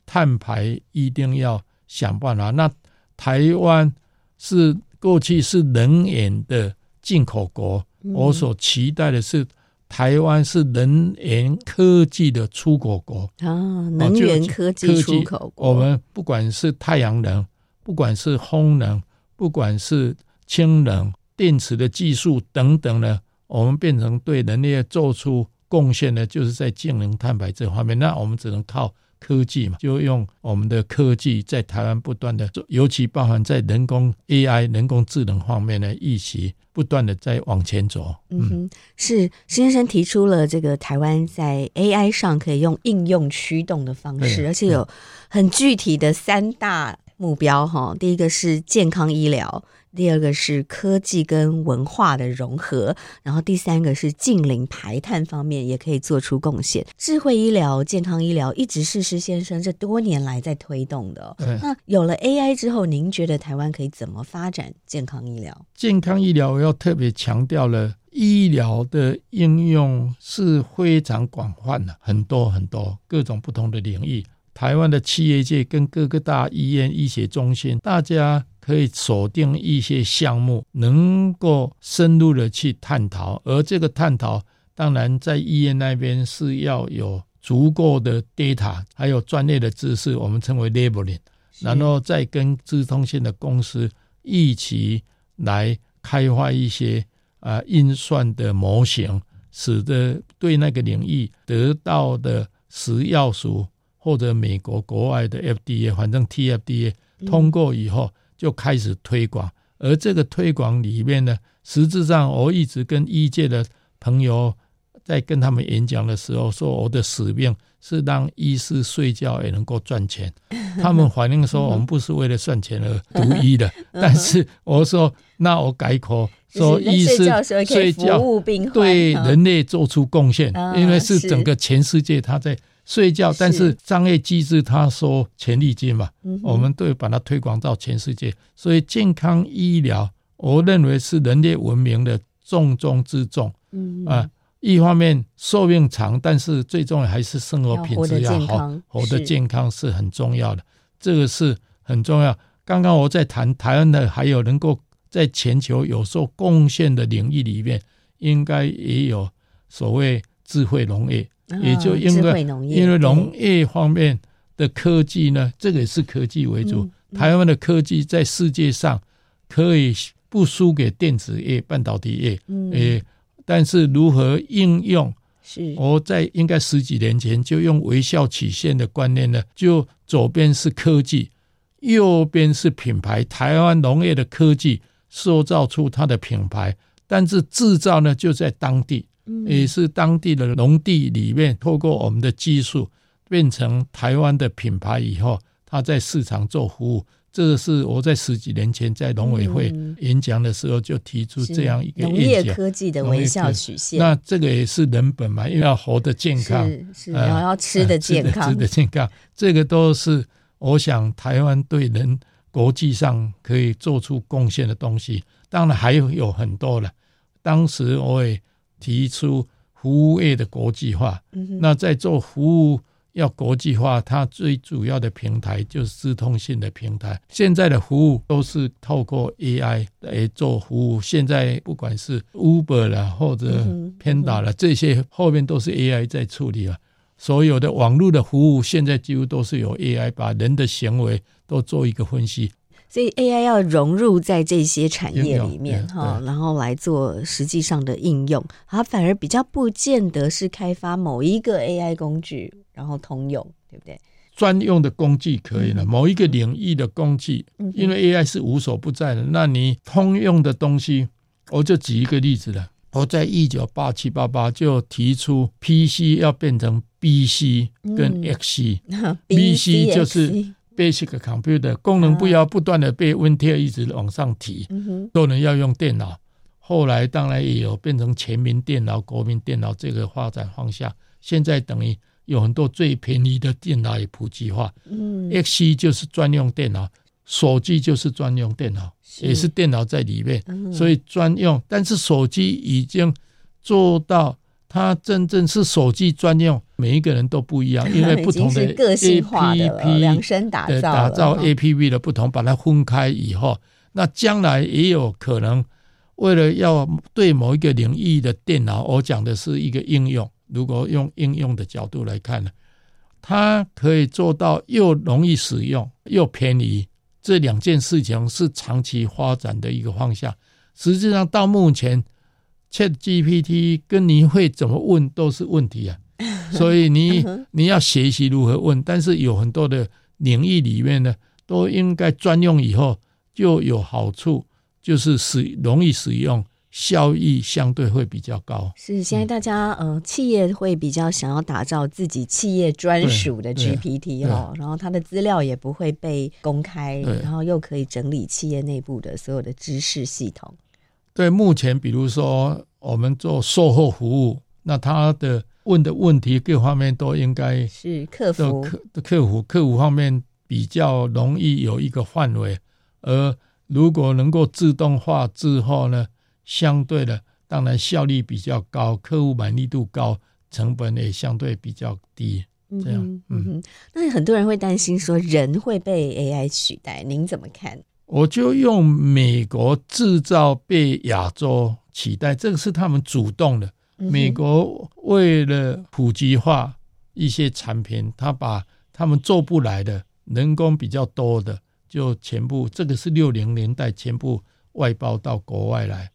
碳排一定要想辦法。那台灣是過去是能源的進口國，嗯、我所期待的是台灣是能源科技的出口國啊，能源科技出口國。我們不管是太陽能，不管是風能，不管是氫能。電池的技術等等呢，我們變成對人類做出貢獻呢，就是在氫能、碳排這方面。那我們只能靠科技嘛，就用我們的科技在台灣不斷的做，尤其包含在人工 AI、人工智能方面呢，一起不斷的在往前走。嗯哼，是施先生提出了這個台灣在 AI 上可以用應用驅動的方式，啊、而且有很具體的三大目標哈。第一個是健康醫療。第二個是科技跟文化的融合，然後第三個是淨零排碳方面也可以做出貢獻。智慧醫療、健康醫療一直是施先生這多年來在推動的。嗯，那有了 AI 之後，您覺得台灣可以怎麼發展健康醫療？健康醫療，我要特別強調了，醫療的應用是非常廣泛的，很多很多各種不同的領域。台灣的企業界跟各個大醫院、醫學中心，大家，可以鎖定一些項目，能夠深入的去探討。而這個探討，當然在醫、e、院那邊是要有足夠的 data，還有專業的知識，我們稱為 labeling 是然後再跟資通信的公司一起來開發一些啊運、呃、算的模型，使得對那個領域得到的食藥署，或者美國國外的 FDA，反正 TFDA 通過以後。嗯就開始推廣，而這個推廣裡面呢，實質上我一直跟醫界的朋友在跟他們演講的時候說，我的使命是讓醫師睡覺也能夠賺錢。呵呵他們反應說，我們不是為了賺錢而讀醫的。呵呵但是我說，呵呵那我改口說，醫師睡覺對人類做出貢獻，呵呵因為是整個全世界他在。睡覺，但是商業機制他說錢力金嘛，嗯、我們都要把它推廣到全世界。所以健康醫療，我認為是人類文明的重中之重。嗯、哼啊，一方面壽命長，但是最重要還是生活品質要好，我的健、健康是很重要的，是這個是很重要。剛剛我在談台灣的，還有能夠在全球有所貢獻的領域裡面，應該也有所謂智慧農業。也就、啊、因為因為農業方面的科技呢，對這個也是科技為主。嗯嗯、台灣的科技在世界上可以不輸給電子業、半導體業，誒、嗯欸，但是如何應用？是我在應該十幾年前就用微笑曲線的觀念呢，就左邊是科技，右邊是品牌。台灣農業的科技塑造出它的品牌，但是製造呢，就在當地。也是當地的農地裡面，透過我們的技術變成台灣的品牌以後，它在市場做服務。這是我在十幾年前在農委會演講的時候就提出這樣一個農、嗯、業科技的微笑曲線。那這個也是人本嘛，因為要活得健康是、是，然後要吃得健康、呃、呃吃的，吃的健康，這個都是我想台灣對人國際上可以做出貢獻的東西。當然還有很多了。當時我也…提出服務業的國際化，嗯、哼那在做服務要國際化，它最主要的平台就是資通信的平台。現在的服務都是透過 AI 來做服務，現在不管是 Uber 了或者 Panda 了、嗯、哼這些，後面都是 AI 在處理了。嗯、哼所有的網絡的服務現在幾乎都是由 AI 把人的行為都做一個分析。所以 AI 要融入在這些產業裡面哈，然後來做實際上的應用，它反而比較不見得是開發某一個 AI 工具，然後通用，對不對？專用的工具可以了，嗯、某一個領域的工具，嗯、因為 AI 是無所不在的。嗯、那你通用的東西，我就舉一個例子了。我在一九八七八八就提出 PC 要變成 BC 跟 XC，BC、嗯、就是。Basic computer 功能不要不斷的被 WinTel 一直往上提，嗯、哼都能要用電腦。後來當然也有變成全民電腦、國民電腦這個發展方向。現在等於有很多最便宜的電腦也普及化。嗯，PC 就是專用電腦，手機就是專用電腦，是也是電腦在裡面，嗯、哼所以專用。但是手機已經做到。它真正是手機專用，每一個人都不一樣，因為不同的 APP 量身打造，打造 APP 的不同，把它分開以後，那將來也有可能，為了要對某一個領域的電腦，我講的是一個應用，如果用應用的角度來看呢，它可以做到又容易使用又便宜，這兩件事情是長期發展的一個方向。實際上到目前。ChatGPT 跟你會怎麼問都是問題啊，所以你你要學習如何問，但是有很多的領域裡面呢，都應該專用以後就有好處，就是使容易使用，效益相對會比較高。嗯是。是現在大家，呃，企業會比較想要打造自己企業專屬的 GPT 哦，然後它的資料也不會被公開，然後又可以整理企業內部的所有的知識系統。對目前，比如說我們做售後服務，那他的問的問題各方面都應該是客服，客的客服，客服方面比較容易有一個範圍。而如果能夠自動化之後呢，相對的，當然效率比較高，客戶滿意度高，成本也相對比較低。嗯哼，這樣，嗯，嗯哼，那很多人會擔心說人會被 AI 取代，您怎麼看？我就用美國製造被亞洲取代，這個是他們主動的。美國為了普及化一些產品，他把他們做不來的、人工比較多的，就全部這個是六零年代全部外包到國外來。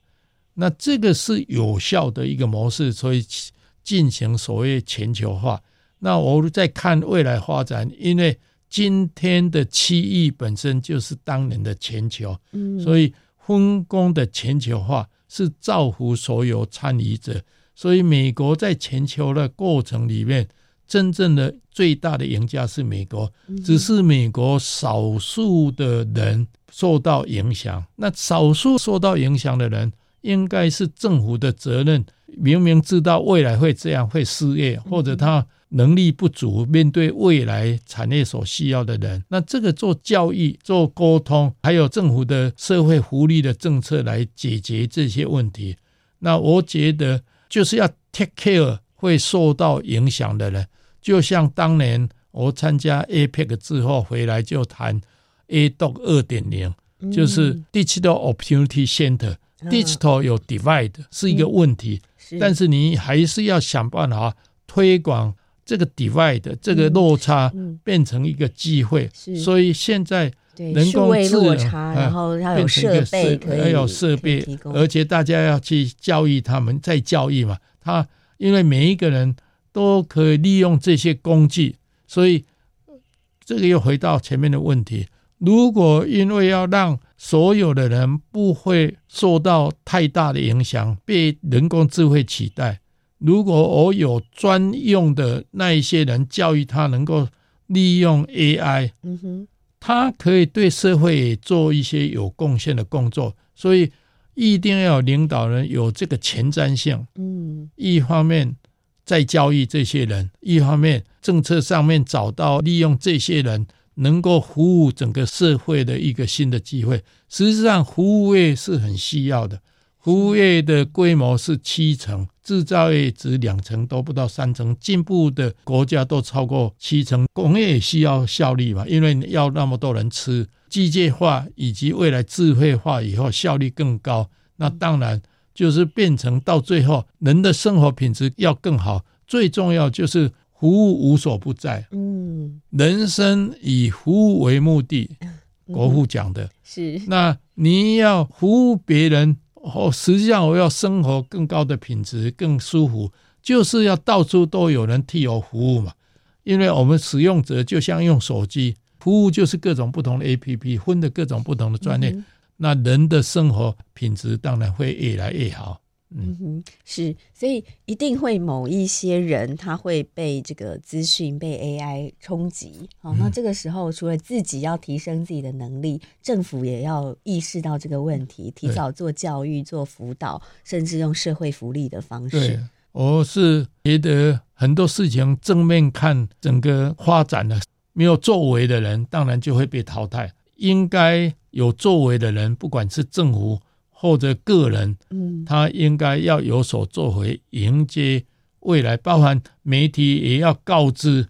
那這個是有效的一個模式，所以進行所謂全球化。那我再看未來發展，因為。今天的區域本身就是當年的全球，所以分工的全球化是造福所有參與者。所以美國在全球的過程裡面，真正的最大的贏家是美國，只是美國少數的人受到影響。那少數受到影響的人，應該是政府的責任。明明知道未來會這樣，會失業，或者他。能力不足，面對未來產業所需要的人，那這個做教育、做溝通，還有政府的社會福利的政策來解決這些問題。那我覺得就是要 take care 會受到影響的人，就像當年我參加 APEC 之後回來就談 A Do 二點零，0, 嗯、就是 digital opportunity c e n t e r、嗯、digital 有 divide 是一個問題，嗯、是但是你還是要想辦法推廣。這個 divide 這個落差變成一個機會，嗯嗯、所以現在對人工智能，落差啊、然後要有設備，要有設備，而且大家要去教育他們，再教育嘛。他因為每一個人都可以利用這些工具，所以這個又回到前面的問題：如果因為要讓所有的人不會受到太大的影響，被人工智慧取代。如果我有專用的那一些人教育他，能夠利用 AI，嗯哼，他可以對社會做一些有貢獻的工作。所以一定要有領導人有這個前瞻性，嗯，一方面再教育這些人，一方面政策上面找到利用這些人能夠服務整個社會的一個新的機會。實際上，服務業是很需要的，服務業的規模是七成。製造業只兩成都不到三成，進步的國家都超過七成。工業也需要效率嘛，因為要那麼多人吃，機械化以及未來智慧化以後效率更高。那當然就是變成到最後人的生活品質要更好，最重要就是服務無所不在。嗯，人生以服務為目的，國父講的、嗯、是。那你要服務別人。哦，實際上我要生活更高的品質，更舒服，就是要到處都有人替我服務嘛。因為我們使用者就像用手機，服務就是各種不同的 APP，分的各種不同的專業，嗯哼。那人的生活品質當然會越來越好。嗯哼，是，所以一定會某一些人他會被這個資訊被 AI 衝擊。好，那這個時候除了自己要提升自己的能力，嗯、政府也要意識到這個問題，提早做教育、做輔導，甚至用社會福利的方式。對，我是覺得很多事情正面看整個發展的，沒有作為的人當然就會被淘汰，應該有作為的人，不管是政府。或者個人，嗯，他應該要有所作為，迎接未來。嗯、包含媒體也要告知，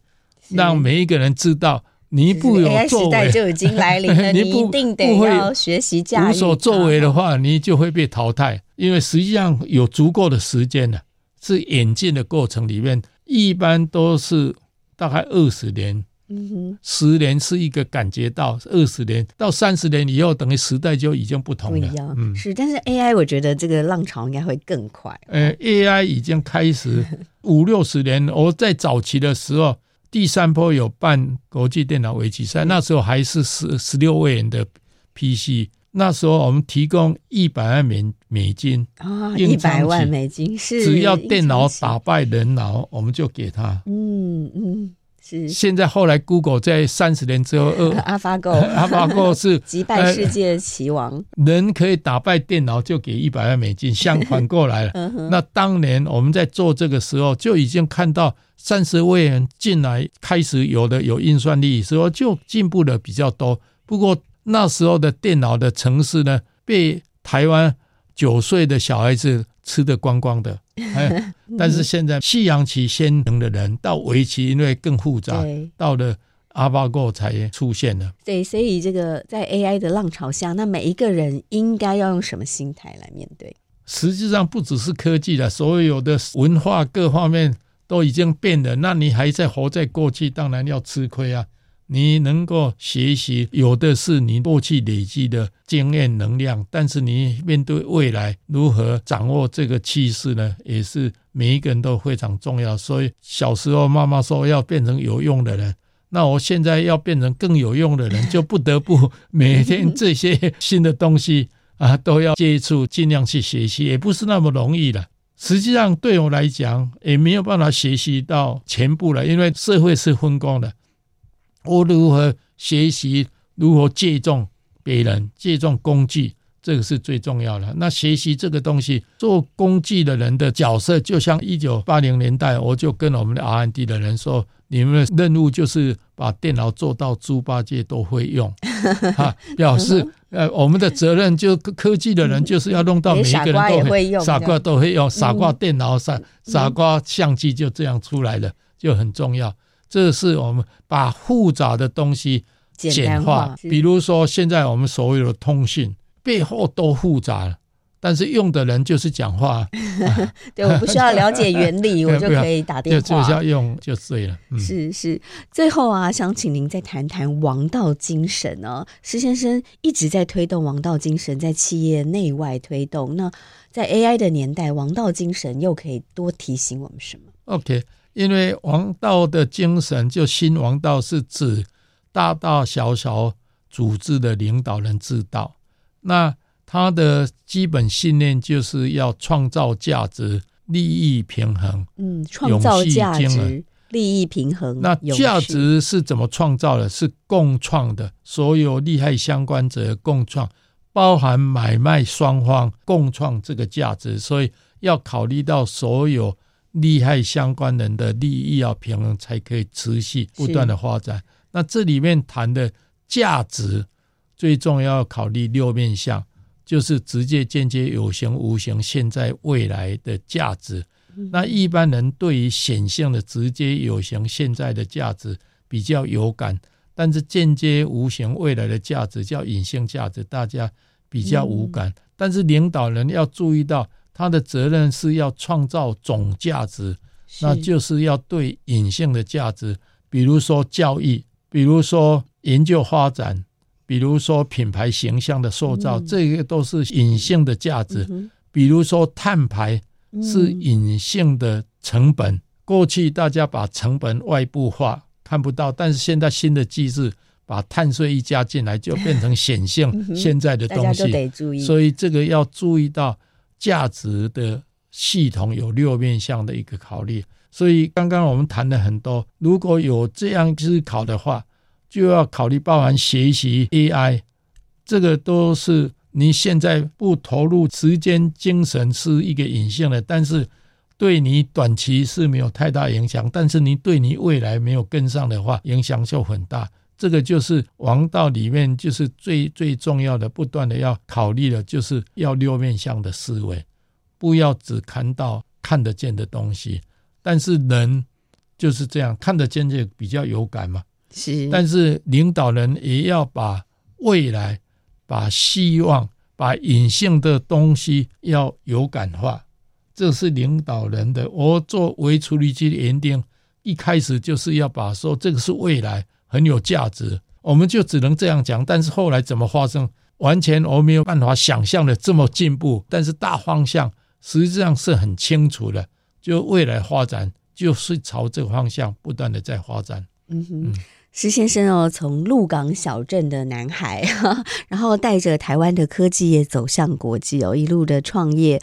是讓每一個人知道，你不有作為，AI 時代就已經來臨了。 (laughs) 你，不你一定得要學習駕馭。無所作為的話，啊、你就會被淘汰。因為實際上有足夠的時間的、啊，是演進的過程裡面，一般都是大概二十年。十、嗯、年是一個感覺到，二十年到三十年以後，等於時代就已經不同了。嗯、是，但是 AI 我覺得這個浪潮應該會更快、哦。呃，AI 已經開始五六十年， (laughs) 我在早期的時候，第三波有辦國際電腦圍棋賽，嗯、那時候還是十十六位元的 PC，那時候我們提供一百萬美美金啊，一百、哦、萬美金是只要電腦打敗人腦，我們就給他。嗯嗯。嗯現在後來，Google 在三十年之後，嗯啊、阿阿法狗，阿法狗是擊 (laughs) 敗世界棋王，呃，人可以打敗電腦，就給一百萬美金，相反過來了。 (laughs) 嗯、哼那當年我們在做這個時候，就已經看到三十位人進來，開始有的有運算力，所以就進步的比較多。不過那時候的電腦的程式呢，被台灣九歲的小孩子吃得光光的。 (laughs) 哎、但是現在西洋棋先能的人，你到圍棋因為更複雜，對到了 AlphaGo 才出現了對，所以這個在 AI 的浪潮下，那每一個人應該要用什麼心態來面對？實際上，不只是科技了，所有的文化各方面都已經變了。那你還在活在過去，當然要吃虧啊。你能夠學習，有的是你過去累積的經驗能量，但是你面對未來如何掌握這個趨勢呢？也是每一個人都非常重要。所以小時候媽媽說要變成有用的人，那我現在要變成更有用的人，就不得不每天這些新的東西啊都要接觸，盡量去學習，也不是那麼容易了。實際上對我來講也沒有辦法學習到全部了，因為社會是分工的。我如何學習？如何借重別人、借重工具？這個是最重要的。那學習這個東西，做工具的人的角色，就像一九八零年代，我就跟我們的 R&D 的人說：“你們的任務就是把電腦做到豬八戒都會用。”哈、 (laughs) 啊，表示 (laughs) 呃，我們的責任就科技的人就是要弄到每一個人都、嗯、傻瓜都會用，傻瓜都會用、嗯、傻瓜電腦傻、嗯、傻瓜相機，就這樣出來了，就很重要。這是我們把複雜的東西簡化，簡單化，比如說現在我們所有的通訊是背後都複雜了，但是用的人就是講話。 (laughs) 啊、對，我不需要了解原理， (laughs) 我就可以打電話，就只需要用就對了。嗯、是是，最後啊，想請您再談談王道精神呢、啊？施先生一直在推動王道精神，在企業內外推動，那在 AI 的年代，王道精神又可以多提醒我們什麼？OK。因為王道的精神，就新王道是指大大小小組織的領導人之道。那他的基本信念就是要創造價值、利益平衡。嗯，創造價值、利益平衡。那價值是怎麼創造的？是共創的，所有利害相關者共創，包含買賣雙方共創這個價值。所以要考慮到所有。利害相關人的利益要平衡，才可以持續不斷的發展。是那這裡面談的價值，最重要要考慮六面向，就是直接、間接、有形、無形、現在、未來的價值。嗯、那一般人對於顯性的直接、有形、現在的價值比較有感，但是間接、無形、未來的價值叫隱性價值，大家比較無感。嗯、但是領導人要注意到。他的責任是要創造總價值，是那就是要對隱性的價值，比如說教育、比如說研究發展、比如說品牌形象的塑造，嗯、這個都是隱性的價值。嗯、哼比如說碳排是隱性的成本，嗯、過去大家把成本外部化看不到，但是現在新的機制把碳稅一加進來，就變成顯性、現在的東西， (laughs) 嗯、所以這個要注意到。價值的系統有六面向的一個考慮，所以剛剛我們談了很多。如果有這樣思考的話，就要考慮包含學習 AI，這個都是你現在不投入時間精神是一個隱性的，但是對你短期是沒有太大影響。但是你對你未來沒有跟上的話，影響就很大。這個就是王道裡面，就是最最重要的，不斷的要考慮的，就是要六面向的思維，不要只看到看得見的東西。但是人就是這樣，看得見就比較有感嘛。是，但是領導人也要把未來、把希望、把隱性的東西要有感化，這是領導人的。我作為處理器的園丁，一開始就是要把說這個是未來。很有價值，我們就只能這樣講。但是後來怎麼發生，完全我沒有辦法想象的這麼進步。但是大方向實際上是很清楚的，就未來發展就是朝這個方向不斷的在發展。嗯哼，施、嗯、先生哦，從鹿港小鎮的男孩，呵呵然後帶着台灣的科技業走向國際哦，一路的創業，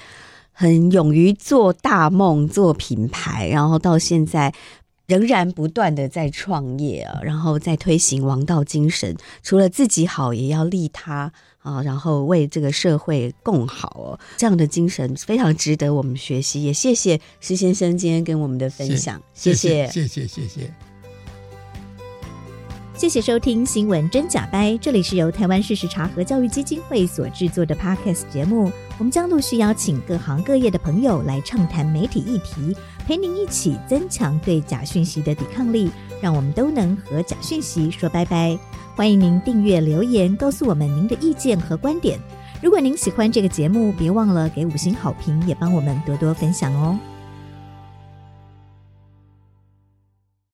很勇於做大夢做品牌，然後到現在。仍然不斷地在創業啊，然後在推行王道精神，除了自己好，也要利他啊，然後為這個社會共好哦。這樣的精神非常值得我們學習。也謝謝施先生今天跟我們的分享，謝謝，謝謝，謝謝，謝謝收聽《新聞真假掰》，這裡是由台灣事實查核教育基金會所製作的 Podcast 節目，我們將陸續邀請各行各業的朋友來暢談媒體議題，陪您一起增強對假訊息的抵抗力，讓我們都能和假訊息說拜拜。歡迎您訂閱留言，告訴我們您的意見和觀點。如果您喜歡這個節目，別忘了給五星好評，也幫我們多多分享哦。